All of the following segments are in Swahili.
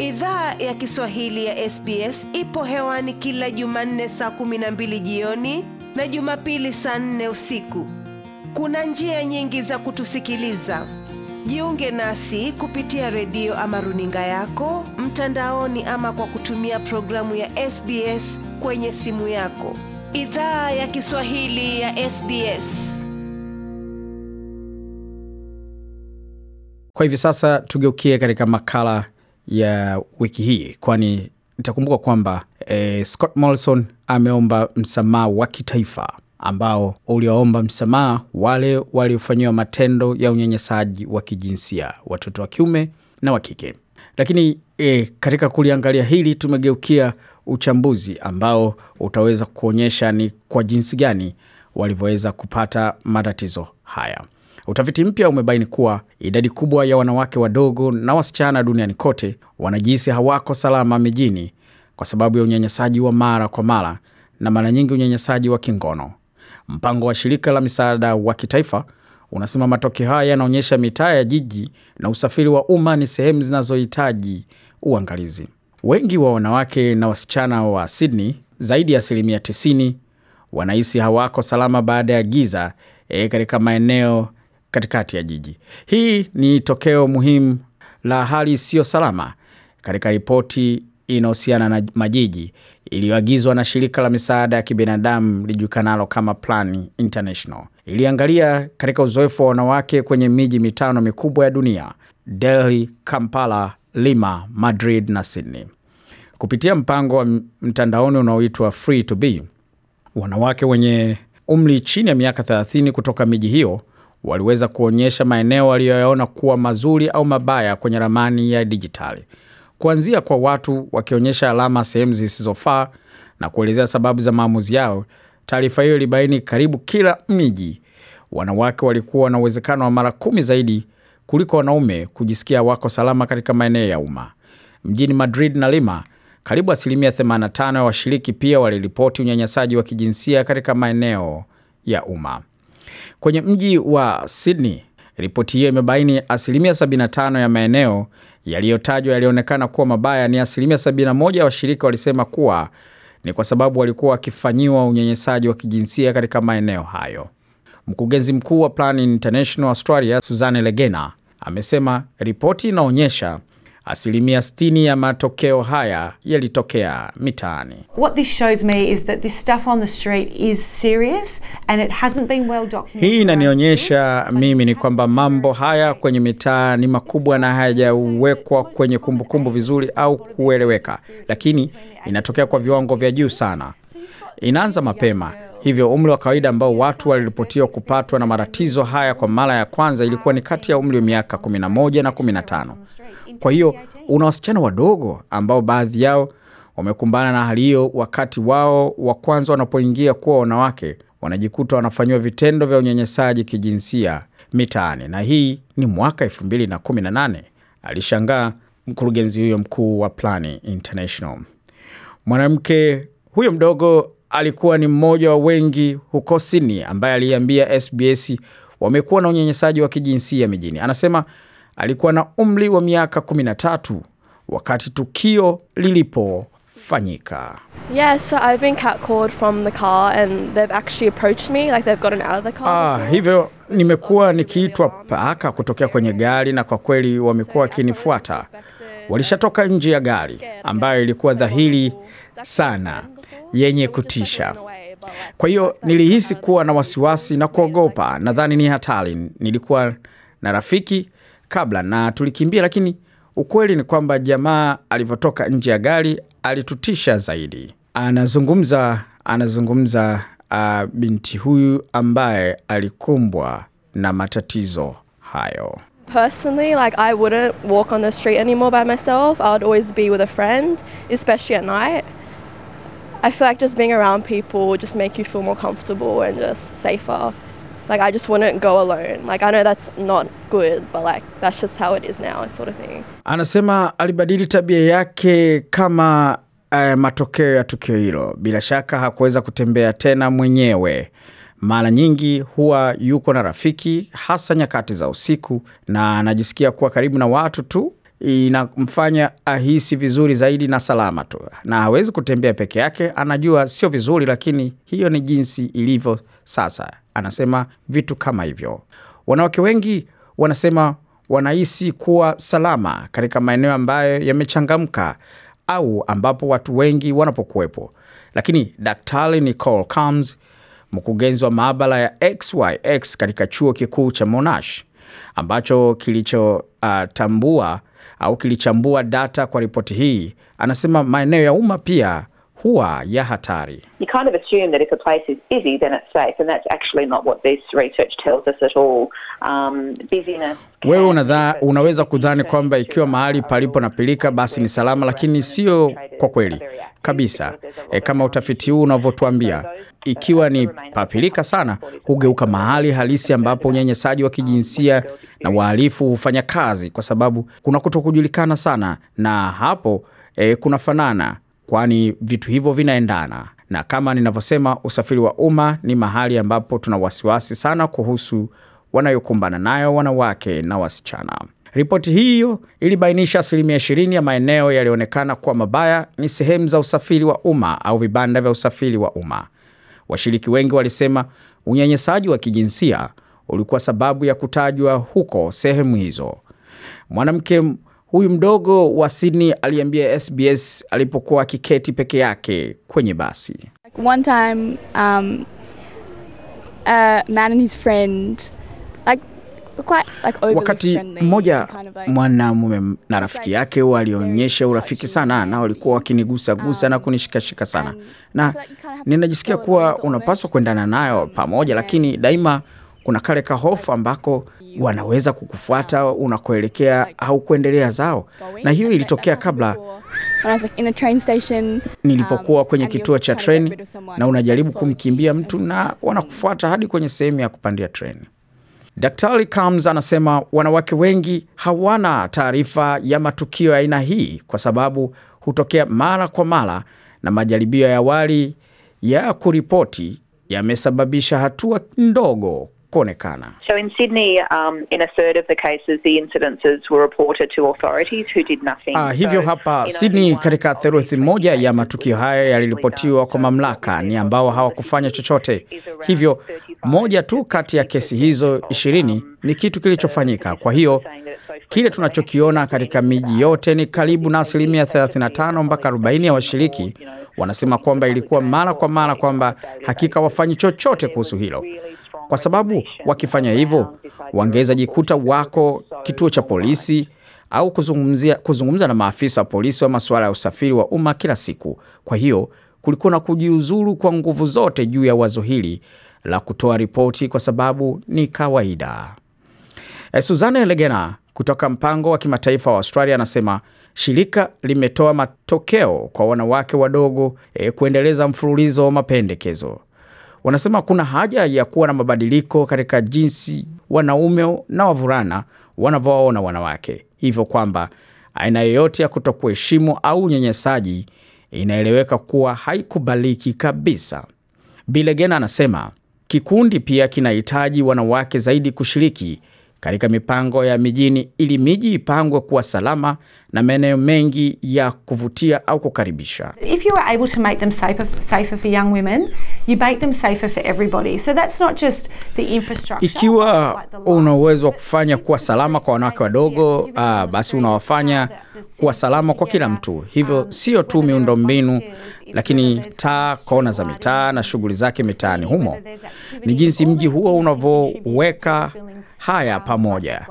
Idhaa ya Kiswahili ya SBS ipo hewani kila Jumanne saa 12 jioni na Jumapili saa 4 usiku. Kuna njia nyingi za kutusikiliza. Jiunge nasi kupitia redio ama runinga yako mtandaoni, ama kwa kutumia programu ya SBS kwenye simu yako. Idhaa ya Kiswahili ya SBS. Kwa hivi sasa tugeukie katika makala ya wiki hii, kwani itakumbuka kwamba e, Scott Morrison ameomba msamaha wa kitaifa ambao uliwaomba msamaha wale waliofanyiwa matendo ya unyenyesaji wa kijinsia, watoto wa kiume na wa kike. Lakini e, katika kuliangalia hili tumegeukia uchambuzi ambao utaweza kuonyesha ni kwa jinsi gani walivyoweza kupata matatizo haya. Utafiti mpya umebaini kuwa idadi kubwa ya wanawake wadogo na wasichana duniani kote wanajihisi hawako salama mijini kwa sababu ya unyanyasaji wa mara kwa mara na mara nyingi unyanyasaji wa kingono. Mpango wa shirika la misaada wa kitaifa unasema matokeo haya yanaonyesha mitaa ya jiji na usafiri wa umma ni sehemu zinazohitaji uangalizi. Wengi wa wanawake na wasichana wa Sydney, zaidi ya asilimia 90, wanahisi hawako salama baada ya giza e, katika maeneo katikati ya jiji. Hii ni tokeo muhimu la hali isiyo salama katika ripoti inayohusiana na majiji iliyoagizwa na shirika la misaada ya kibinadamu lijulikanalo kama Plan International. Iliangalia katika uzoefu wa wanawake kwenye miji mitano mikubwa ya dunia: Delhi, Kampala, Lima, Madrid na Sydney, kupitia mpango wa mtandaoni unaoitwa Free to Be. Wanawake wenye umri chini ya miaka 30 kutoka miji hiyo waliweza kuonyesha maeneo waliyoyaona kuwa mazuri au mabaya kwenye ramani ya dijitali, kuanzia kwa watu wakionyesha alama sehemu zisizofaa na kuelezea sababu za maamuzi yao. Taarifa hiyo ilibaini karibu kila miji, wanawake walikuwa na uwezekano wa mara kumi zaidi kuliko wanaume kujisikia wako salama katika maeneo ya umma. Mjini Madrid na Lima, karibu asilimia 85 ya washiriki pia waliripoti unyanyasaji wa kijinsia katika maeneo ya umma. Kwenye mji wa Sydney, ripoti hiyo imebaini asilimia 75 ya maeneo yaliyotajwa yalionekana kuwa mabaya ni asilimia 71 ya washirika walisema kuwa ni kwa sababu walikuwa wakifanyiwa unyenyesaji wa kijinsia katika maeneo hayo. Mkurugenzi mkuu wa Plan International Australia, Suzanne Legena, amesema ripoti inaonyesha Asilimia 60 ya matokeo haya yalitokea mitaani. Hii inanionyesha mimi ni kwamba mambo haya kwenye mitaa ni makubwa na hayajawekwa kwenye kumbukumbu vizuri au kueleweka, lakini inatokea kwa viwango vya juu sana. Inaanza mapema Hivyo umri wa kawaida ambao watu waliripotiwa kupatwa na matatizo haya kwa mara ya kwanza ilikuwa ni kati ya umri wa miaka 11 na 15. Kwa hiyo una wasichana wadogo ambao baadhi yao wamekumbana na hali hiyo wakati wao wa kwanza wanapoingia kuwa wanawake, wanajikuta wanafanyiwa vitendo vya unyanyasaji kijinsia mitaani, na hii ni mwaka 2018, alishangaa mkurugenzi huyo mkuu wa Plani International. Mwanamke huyo mdogo alikuwa ni mmoja wa wengi huko Sydney ambaye aliambia SBS wamekuwa na unyanyasaji wa kijinsia mijini. Anasema alikuwa na umri wa miaka 13 wakati tukio lilipofanyika. Yeah, so I've been catcalled from the car and they've actually approached me like they've gotten out of the car. Ah, hivyo nimekuwa nikiitwa paka kutokea kwenye gari na kwa kweli wamekuwa wakinifuata. Walishatoka nje ya gari ambayo ilikuwa dhahiri sana yenye kutisha. Kwa hiyo nilihisi kuwa na wasiwasi na kuogopa, nadhani ni hatari. Nilikuwa na rafiki kabla na tulikimbia, lakini ukweli ni kwamba jamaa alivyotoka nje ya gari alitutisha zaidi. Anazungumza anazungumza uh, binti huyu ambaye alikumbwa na matatizo hayo. Personally, like I I feel like just being around people would just make you feel more comfortable and just safer. Like I just wouldn't go alone. Like I know that's not good, but like that's just how it is now sort of thing. Anasema alibadili tabia yake kama uh, matokeo ya tukio hilo. Bila shaka hakuweza kutembea tena mwenyewe. Mara nyingi huwa yuko na rafiki, hasa nyakati za usiku, na anajisikia kuwa karibu na watu tu inamfanya ahisi vizuri zaidi na salama tu, na hawezi kutembea peke yake. Anajua sio vizuri, lakini hiyo ni jinsi ilivyo sasa. Anasema vitu kama hivyo. Wanawake wengi wanasema wanahisi kuwa salama katika maeneo ambayo yamechangamka au ambapo watu wengi wanapokuwepo, lakini Daktari Nicole cams mkurugenzi wa maabara ya XYX katika chuo kikuu cha Monash ambacho kilichotambua uh, au kilichambua data kwa ripoti hii, anasema maeneo ya umma pia huwa ya hatari. Wewe unadha, unaweza kudhani kwamba ikiwa mahali palipo na pilika basi ni salama, lakini sio kwa kweli kabisa. E, kama utafiti huu unavyotuambia, ikiwa ni papilika sana hugeuka mahali halisi ambapo unyanyasaji wa kijinsia na wahalifu hufanya kazi, kwa sababu kuna kuto kujulikana sana, na hapo e, kunafanana kwani vitu hivyo vinaendana na kama ninavyosema, usafiri wa umma ni mahali ambapo tuna wasiwasi sana kuhusu wanayokumbana nayo wanawake na wasichana. Ripoti hiyo ilibainisha asilimia 20 ya maeneo yaliyoonekana kuwa mabaya ni sehemu za usafiri wa umma au vibanda vya usafiri wa umma. Washiriki wengi walisema unyanyasaji wa kijinsia ulikuwa sababu ya kutajwa huko sehemu hizo. Mwanamke Huyu mdogo wa Sydney aliambia SBS alipokuwa akiketi peke yake kwenye basi. Like one time, um, a uh, man and his friend, like, wakati mmoja mwanamume na rafiki yake walionyesha urafiki sana na walikuwa wakinigusagusa um, na kunishikashika sana na like ninajisikia kuwa unapaswa kuendana nayo pamoja, lakini daima kuna kale kahofu ambako wanaweza kukufuata unakoelekea au kuendelea zao, na hiyo ilitokea kabla nilipokuwa um, kwenye kituo cha treni, na unajaribu kumkimbia mtu na wanakufuata hadi kwenye sehemu ya kupandia treni. Daktari Combs anasema wanawake wengi hawana taarifa ya matukio ya aina hii kwa sababu hutokea mara kwa mara, na majaribio ya awali ya kuripoti yamesababisha hatua ndogo kuonekana. So in Sydney, um, in a third of the cases, the incidences were reported to authorities who did nothing. Ah, hivyo hapa so, Sydney katika theluthi moja ya matukio haya yaliripotiwa kwa mamlaka ni ambao hawakufanya chochote. Hivyo moja tu kati ya kesi hizo ishirini um, ni kitu kilichofanyika. Kwa hiyo kile tunachokiona katika miji yote ni karibu na asilimia 35 mpaka 40 ya washiriki wanasema kwamba ilikuwa mara kwa mara kwamba hakika wafanyi chochote kuhusu hilo kwa sababu wakifanya hivyo wangeweza jikuta wako kituo cha polisi au kuzungumzia, kuzungumza na maafisa wa polisi wa masuala ya usafiri wa umma kila siku. Kwa hiyo kulikuwa na kujiuzuru kwa nguvu zote juu ya wazo hili la kutoa ripoti kwa sababu ni kawaida. E, Suzanne Legena kutoka mpango wa kimataifa wa Australia anasema shirika limetoa matokeo kwa wanawake wadogo e, kuendeleza mfululizo wa mapendekezo wanasema kuna haja ya kuwa na mabadiliko katika jinsi wanaume na wavulana wanavyowaona wanawake, hivyo kwamba aina yoyote ya kutokuheshimu au unyanyasaji inaeleweka kuwa haikubaliki kabisa. Bilegena anasema kikundi pia kinahitaji wanawake zaidi kushiriki katika mipango ya mijini ili miji ipangwe kuwa salama na maeneo mengi ya kuvutia au kukaribisha. If you are able to make them safer, safer for young women, you make them safer for everybody. So that's not just the infrastructure. Ikiwa una uwezo wa kufanya ah, kuwa salama kwa wanawake wadogo, uh, basi unawafanya kuwa salama kwa kila mtu. Hivyo um, sio tu miundombinu lakini taa, kona za mitaa na shughuli zake mitaani humo, ni jinsi mji huo unavyoweka haya pamoja,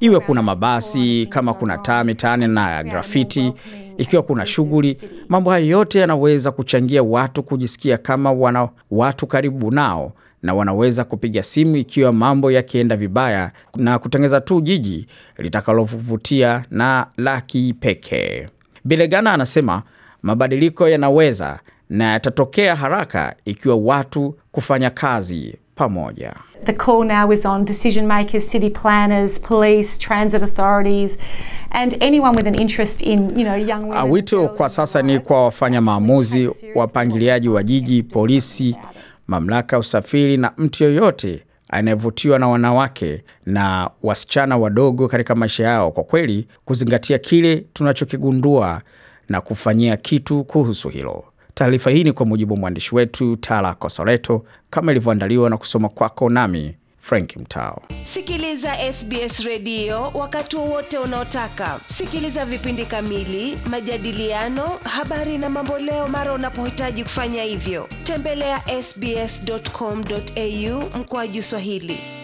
iwe kuna mabasi, kama kuna taa mitaani na grafiti, ikiwa kuna shughuli. Mambo hayo yote yanaweza kuchangia watu kujisikia kama wana watu karibu nao na wanaweza kupiga simu ikiwa mambo yakienda vibaya na kutengeza tu jiji litakalovutia na la kipekee. Bilegana anasema Mabadiliko yanaweza na yatatokea haraka ikiwa watu kufanya kazi pamoja. The call now is on decision makers, city planners, police, transit authorities and anyone with an interest in, you know, young women. Ah, wito kwa sasa ni kwa wafanya maamuzi, wapangiliaji wa jiji, polisi, mamlaka ya usafiri na mtu yoyote anayevutiwa na wanawake na wasichana wadogo katika maisha yao, kwa kweli kuzingatia kile tunachokigundua na kufanyia kitu kuhusu hilo. Taarifa hii ni kwa mujibu wa mwandishi wetu tara Kosoleto, kama ilivyoandaliwa na kusoma kwako nami Frank Mtao. Sikiliza SBS redio wakati wowote unaotaka. Sikiliza vipindi kamili, majadiliano, habari na mambo leo mara unapohitaji kufanya hivyo. Tembelea sbs.com.au mkoaji Swahili.